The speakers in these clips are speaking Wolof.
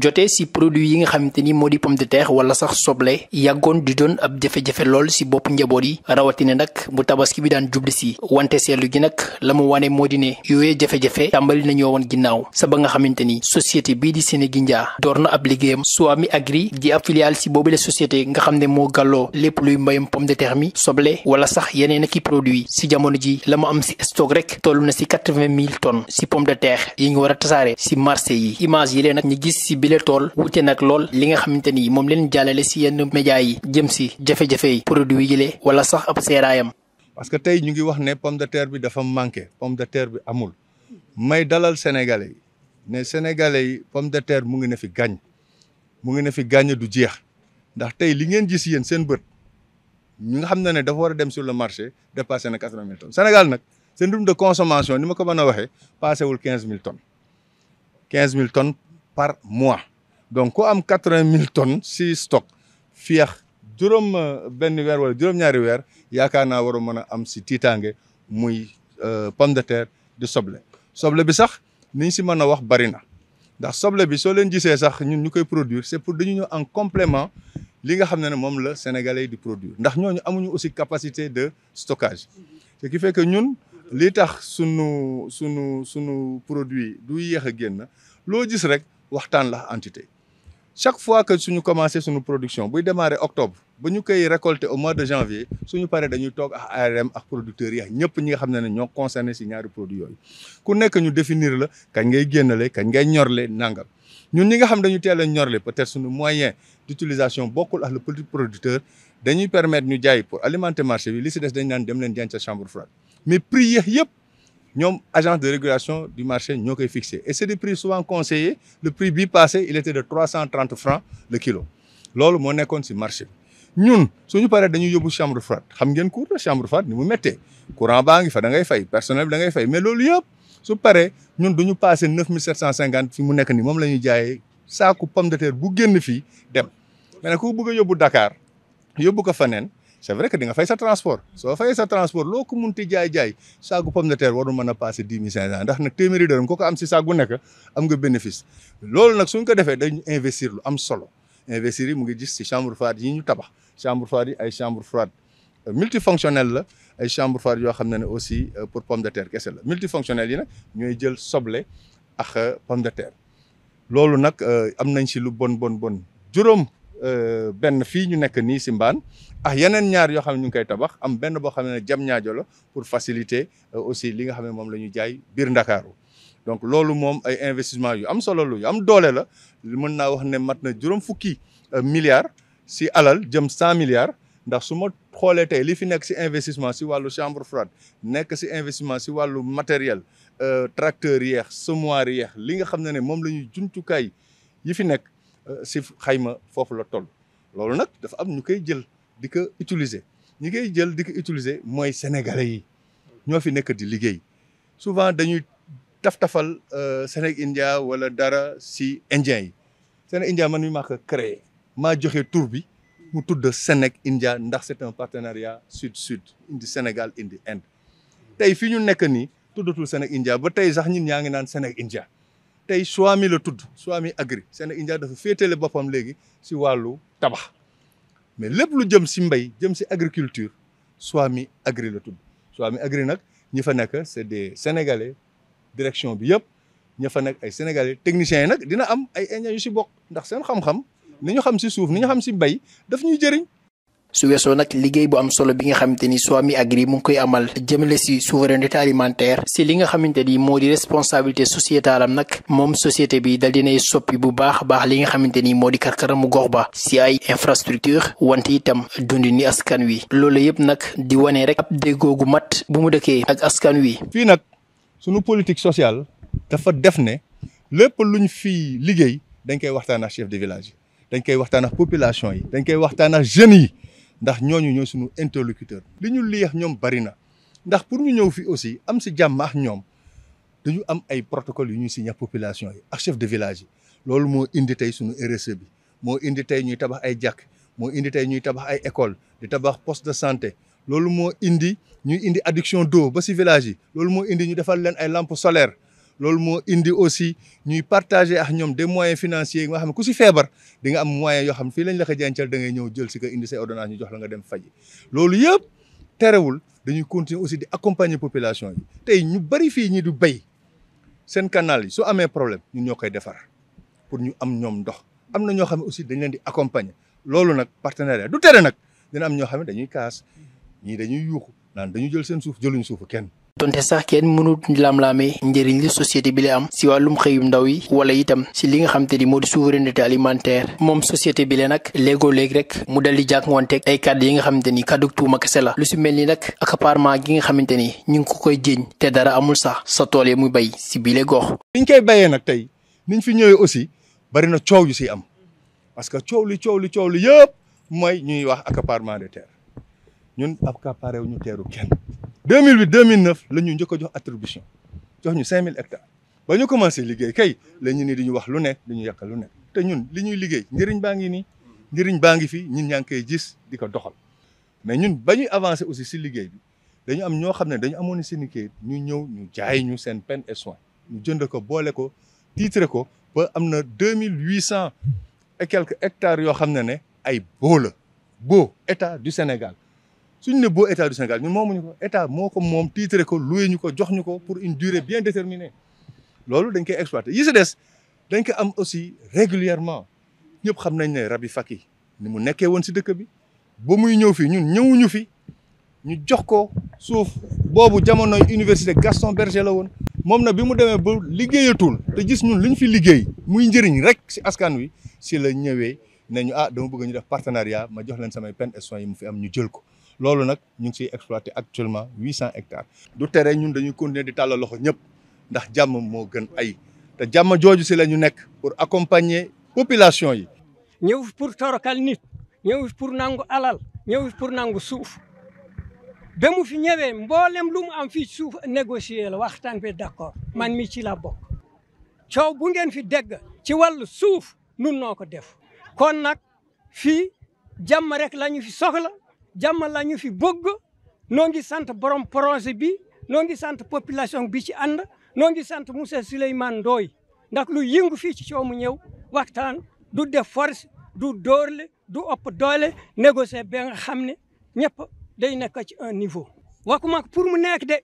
joté ci produit yi nga xamanteni modi pomme de terre wala sax soble yagon di don ab jafé jafé lol ci bop njabot yi rawati né nak bu tabaski bi daan jubli ci wanté sélu gi nak lamu wané modi né yoyé jafé jafé tambali nañu won ginnaw sa ba nga xamanteni société bi di sénégal ndia dorna ab ligéyam soami Agri di ab filiale ci bobu la société nga xamné mo gallo lepp luy mbayam pomme de terre mi soble wala sax yenen ak produit ci jamono ji lamu am ci stock rek tollu na ci 80000 tonnes ci pomme de terre yi nga wara tassaré ci marché yi image yi lé nak ñi gis ci bile tool wute nag lool li nga xamante ni moom leen jàllale si yenn médias yi jëm si jafe-jafe yi produit yile wala sax ab seeraayam. parce que tey ñu ngi wax ne pomme de terre bi dafa manqué pomme de terre bi amul may dalal sénégalais yi ne sénégalais yi pomme de terre mu ngi ne fi gàññ mu ngi ne fi gàññ du jeex ndax tey li ngeen ji si yéen seen bët ñu nga xam ne ne dafa war a dem sur le marché dépassé na quatre-vingt mille tonnes Sénégal nag seen rythme de consommation ni ma ko mën a waxee passé wul quinze mille quinze mille tonnes. par mois donc ku am 80000 tonnes si stock fii 000 juróom euh, benn weer wala juróom ñaari weer yaakaar naa war a mën a am si tiitaange muy euh, pomme de terre di soble soble bi sax niñ si mën a wax bari na ndax soble bi soo leen gisee sax ñun ñu produire c'est pour dañu ñëw en complément li nga xam ne ne sénégalais di produire ndax ñooñu amuñu aussi capacité de stockage ce qui fait que ñun li tax sunu sunu sunu produit du yéex a génn loo gis rek waxtaan la entité chaque fois que suñu commencé suñu production buy démarré octobre ba ñu koy récolter au mois de janvier suñu paree dañuy toog ak ARM ak producteurs yi ak ñëpp ñi nga xam ñoo concerné si ñaari produit yooyu ku nekk ñu définir la kañ ngay génnale kañ ngay ñorle nangam ñun ñi nga xam dañu teel a ñorle peut-être suñu moyen d'utilisation bokkul ak le petit producteur dañuy permettre ñu jaay pour alimenter marché bi li si des dañ naan dem leen jaan chambre froide mais prix yëpp une agence de régulation du marché qui fixé et c'est des prix souvent conseillés le prix bi passé il était de 330 francs le kilo monnaie fait sur le marché ñun suñu nous de une chambre froide xam ngeen cour chambre froide ni mu Le courant banque il fa da personnel il da ngay mais su Nous, ñun duñu passé 9750 fi mu nekk ni pomme de terre dem mais Si bëgg yobu Dakar c' est vrai que di nga fay sa transport soo fayee sa transport loo ko munti jaay-jaay saagu pomme de terre warul mën a passé dix mille cinq cent ndax nag téeméeri dërëm ko ko am si saagu nekk am nga bénéfice loolu nag suñ ko defee dañu investir lu am solo investir yi mu ngi gis si chambre froide yi ñu tabax chambre froide yi ay chambre froide euh, multifonctionnel la ay chambre froide yoo xam ne ne aussi euh, pour pomme de terre kese la multifonctionnel yi ñooy jël soble ak euh, pomme de terre nag am nañ si lu bon bon bon juróom Euh, ben fi ñu nek ni si mbaan ah yenen ñaar yo xam ñu koy tabax am ben bo xam jam ñaajo la pour faciliter euh, aussi li nga xam mom lañu jaay bir ndakaaru donc lolu mom ay investissement yu am solo lu am doole la mën na wax ne matna na fukki euh, milliards si alal jëm 100 milliards ndax suma xolé tay li fi nek ci investissement ci walu chambre froide nek ci investissement ci walu matériel euh tracteur yeex semoir yeex li nga xam ne ne moom la ñuy yi fi nek Euh, sif xayma fofu la toll loolu nak dafa am ñukay jël di ko utiliser ñukay jël di ko utiliser moy sénégalais yi ñoo fi nekk di liggéey souvent dañuy taf-tafal euh, Sénégal India wala dara si indien yi Sénégal India man mi maa créer ma maa joxe tur bi mu tudde Sénégal India ndax c'est un partenariat sud sud indi Sénégal indi Inde tay fi ñu nekk ni tuddatul Sénégal India ba tay sax ñin ñaa ngi naan Sénégal India tay Swami le tudd Swami Agri Sénéindia dafa féetale bopam léegi ci walu tabax mais lepp lu jëm ci mbéy jëm ci agriculture Swami Agri le tudd Swami Agri nak ñi fa nek c'est des sénégalais direction bi yépp ñi fa nek ay sénégalais techniciens nak dina am ay ingénieurs yu si bokk ndax sen xam-xam ni ñu xam ci souf ni ñu xam ci mbéy daf ñuy jëriñ su weesoo nag liggéey bu am solo bi nga xamante ni mi Agri mu ngi koy amal jëmale si souveraineté alimentaire si li nga xamante ni moo di responsabilité sociétale am nag moom société bi dal dinay soppi bu baax baax li nga xamante ni moo di kar karkaramu gox ba si ay infrastructure wante itam dundi ni askan wi loolu yëpp nag di wane rek ab déggoo gu mat bu mu dëkkee ak askan wi. fii nag sunu politique sociale dafa def ne lépp luñ fi liggéey dañ koy waxtaan ak chef de village dañ koy waxtaan ak population yi dañ koy waxtaan ak jeunes yi. ndax ñooñu ñooy suñu interlocuteur li ñu liyax ñoom bari na ndax pour ñu ñëw fi aussi am si jàmm ak ñoom dañu am ay protocole yu ñuy signé population yi ak chef de village yi loolu moo indi tey suñu RSE bi moo indi tey ñuy tabax ay jàkk moo indi tey ñuy tabax ay école di tabax poste de santé loolu moo indi ñuy indi adduction d'eau ba si village yi loolu moo indi ñu defal leen ay lampes solaires loolu moo indi aussi ñuy partager ak ñoom de moyens financiers yi nga xam ne ku si feebar di nga am moyen yoo xam ne fii lañ la ko jàncal ngay ñëw jël si ko indi say ordonnance ñu jox la nga dem faji loolu yëpp terewul dañuy continuer aussi di accompagner population yi tey ñu bëri fii ñi du béy seen canal yi su amee problème ñun ñoo koy defar pour ñu am ñoom ndox am na ñoo xam ne aussi dañ leen di accompagner loolu nag partenariat du tere nag dina am ñoo xam ne dañuy kaas ñii dañuy yuuxu naan dañu jël seen suuf jëluñ suufu kenn donte sax kenn mënul lamlamé njëriñ li société bi la am ci walum xeyum ndaw yi wala itam ci li nga xamanteni te di souveraineté alimentaire mom société bi la nak légo lég rek mu dal di ngonté ay cadre yi nga xamanteni cadre kàddu tuuma kese la lu ci melni nak nag accaparement gi nga xamanteni ñing ko koy jëñ té dara amul sax sa tolé muy bay si lé gox. niñ koy bayé nak tay niñ fi ñëwé aussi bari na ciow yu si am parce que ciow li ciow li ciow li yépp moy ñuy wax accaparement de terre. ñun accaparé ñu kenn 2008 2009 la ñu une attribution jox ñu 5000 hectares nous avons commencé liggéey kay la ñu ni diñu wax lu nekk avons fait lu nekk té ñun liñuy liggéey fi nous gis mais ñun bañuy Nous avancé aussi si liggéey bi dañu am ño xamné dañu fait seen ni Nous ñu ñëw ñu jaay ñu seen peine et soin ñu jënd ko ko ko ba am 2800 et quelques hectares yo xamné ne ay bo état du Sénégal suñu ne boo état du Sénégal ñun ñu ko état moo ko moom tiitre ko loué ñu ko jox ñu ko pour une durée bien déterminée loolu dañ koy exploité yi si des dañ ko am aussi régulièrement ñëpp xam nañ ne rab yi fakki ni mu nekkee woon si dëkk bi ba muy ñëw fii ñun ñëwuñu fi ñu jox ko suuf boobu jamonoy université Gaston Berger la woon moom na bi mu demee ba liggéeyatul te gis ñun lu ñu fi liggéey muy njëriñ rek si askan wi si la ñëwee nee ñu ah dama bëgg ñu def partenariat ma jox leen samay peine yi mu fi am ñu jël ko loolu nag ñu ngi siy exploité actuellement huit cent hectares. du tere ñun dañuy continuer di tàllal loxo ñëpp ndax jàmm moo gën ay te jàmm jooju si la ñu nekk pour accompagner population yi. ñëw pour torokal nit ñëw pour nangu alal ñëw pour nangu suuf ba mu fi ñëwee mboolem lu mu am fii suuf négocier la waxtaan bi d'accord man mi ci la bok coow bu ngeen fi dégg ci wàllu suuf nun noo ko def kon nag fii jàmm rek lañu fi soxla. jàmm la ñu fi bëgg noo ngi sant borom projet bi noo ngi sant population bi ci ànd noo ngi sant monsieur Souleymane Ndoye ndax lu yëngu fii ci coow mu ñëw waxtaan du def force du dóorle du ëpp doole négocier ba nga xam ne ñëpp day nekk ci un niveau. waxuma ko pour mu nekk de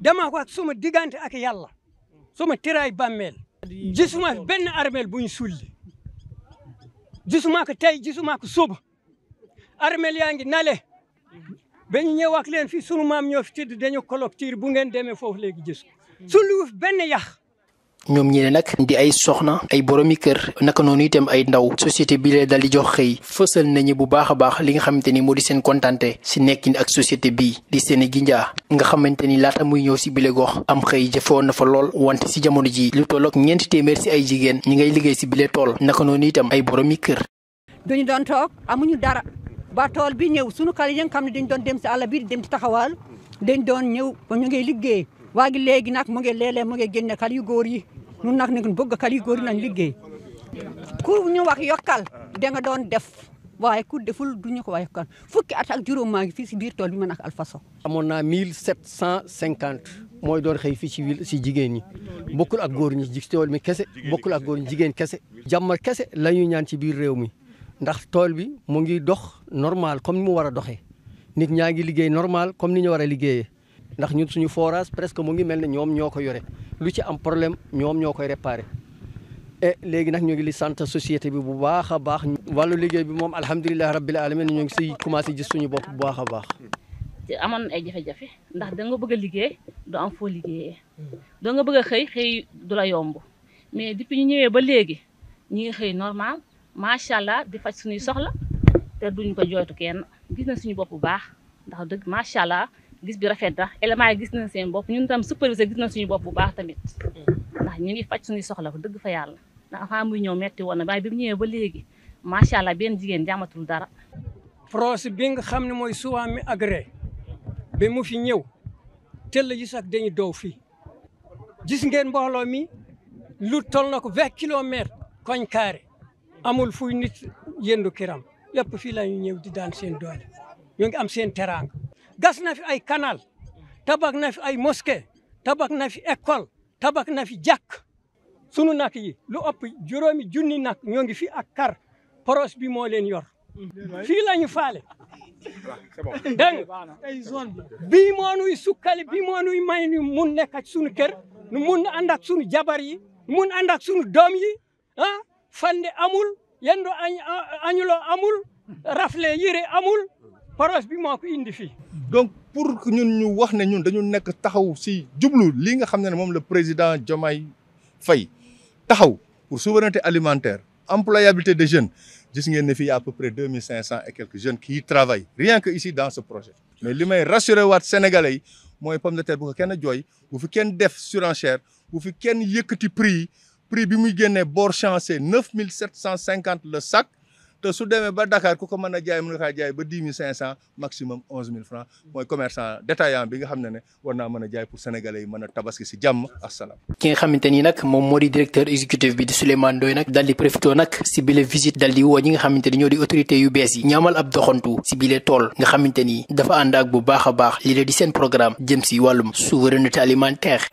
damaa ko ak suma diggante ak yàlla suma tiraay bàmmeel. gisuma benn armeel bu ñu sulli gisuma ko tey gisuma ko suba armeel yaa ngi nale. ba ñu ñëw wax leen fii sunu maam ñoo fi tëdd dañu collecteur bu ngeen demee foofu léegi gis ko sulliwuf benn yàq ñoom ñi ne nag di ay soxna ay boroomi kër naka noonu itam ay ndaw société bi lee dal di jox xëy fësal nañu bu baax a baax li nga xamante ni moo di seen kontante si nekkin ak société bii di Senegindia nga xamante ni laata muy ñëw si bile gox am xëy jëfoon na fa lool wante si jamono jii lu tollook ñeenti téeméer si ay jigéen ñi ngay liggéey si bile tool naka noonu itam ay boroomi kër. ba tool bi ñëw sunu xale yi nga xam ne dañ doon dem si àll bi dem di taxawal dañ doon ñëw ba ñu ngi liggéey waa gi léegi nag mu ngi léeg-léeg mu ngi génne xale yu góor yi ñun nag nag bëgg xale yu góor nañ liggéey ku ñu wax yokkal da nga doon def waaye ku deful du ñu ko wax yokkal fukki at ak juróom maa ngi fii si biir tool bi ma nag Alphaso amoon naa mille sept cent cinquante mooy doon xëy fii ci wil si jigéen ñi bokkul ak góor ñi ci tool mi kese bokkul ak góor ñi jigéen kese jàmm kese la ñuy ñaan biir réew mi ndax tool bi mu ngi dox normal comme ni mu war a doxee nit ñaa ngi liggéey normal comme ni ñu war a liggéeyee ndax ñun suñu forage presque mu ngi mel ne ñoom ñoo ko yore lu ci am problème ñoom ñoo koy réparé léegi nag ñu ngi li sant société bi bu baax a baax wàllu liggéey bi moom alhamdulilah rabbil alamin ñu ngi si commencé gis suñu bopp bu baax a baax amoon ay jafe-jafe ndax da nga bëgg a liggéey du am foo liggéeyee da nga bëgg xëy xëy du yomb mais depuis ñëwee ba léegi ñi ngi xëy normal macha allah di faj suñuy soxla te duñ ko jooytu kenn gis na suñu bopp bu baax ndax dëgg macha allah gis bi rafet na élément gis na seen bopp ñun tam superviseur gis na suñu bopp bu baax tamit ndax ñu ngi faj suñuy soxla ko dëgg fa yàlla ndax avant muy ñëw metti woon na waaye bi mu ñëwee ba léegi macha allah benn jigéen jàmmatul dara. projet bi nga xam ne mooy Souhamy Agré bi mu fi ñëw teel yi sax dañu doow fii gis ngeen mbooloo mi lu toll na ko vingt amul fuy nit yendu kiram yëpp fii la ñu ñëw di daan seen doole ñoo ngi am seen teraanga gas na fi ay canal tabax na fi ay moske tabax na fi école tabax na fi jàkk sunu nak yi lu ëpp juróomi junni nak ñoo ngi fi ak kar poros bi moo leen yor fii la ñu faale dégg bii moo nuy sukkali bii moo nuy may nu mun nekk ak sunu kër nu mun ànd ak sunu jabar yi mun ànd ak sunu doom yi ah fande amul yendu añulo amul raflé yëre amul projet bi mako indi fi donc pour que ñun ñu wax né ñun dañu nekk taxaw ci djublu li nga xamné mom le président Diomaye Fay taxaw pour souveraineté alimentaire employabilité des jeunes gis ngeen ne fii à peu près 2500 et quelques jeunes qui y travaillent rien que ici dans ce projet mais li may rassuré wat sénégalais moy pomme de terre bu ko kenn jooy bu fi kenn def surenchère bu fi kenn yëkkati prix prix bi muy génnee bor chancé neuf mille sept cent cinquante le sac te su demee ba Dakar ku ko mën a jaay mën nga kaa jaay ba dix mille cent maximum onze mille franc mooy commerçant détaillant bi nga xam ne ne war naa mën a jaay pour sénégalais yi mën a tabaski si jàmm asalaam. ki nga xamante ni nag moom moo di directeur exécutif bi di Souleymane Ndoye nag dal di profité nag si bile visite dal di woo ñi nga xamante ni ñoo di autorité yu bees yi ñaamal ab doxantu si bile tool nga xamante ni dafa ànd ak bu baax a baax li la di seen programme jëm si wàllum souveraineté alimentaire.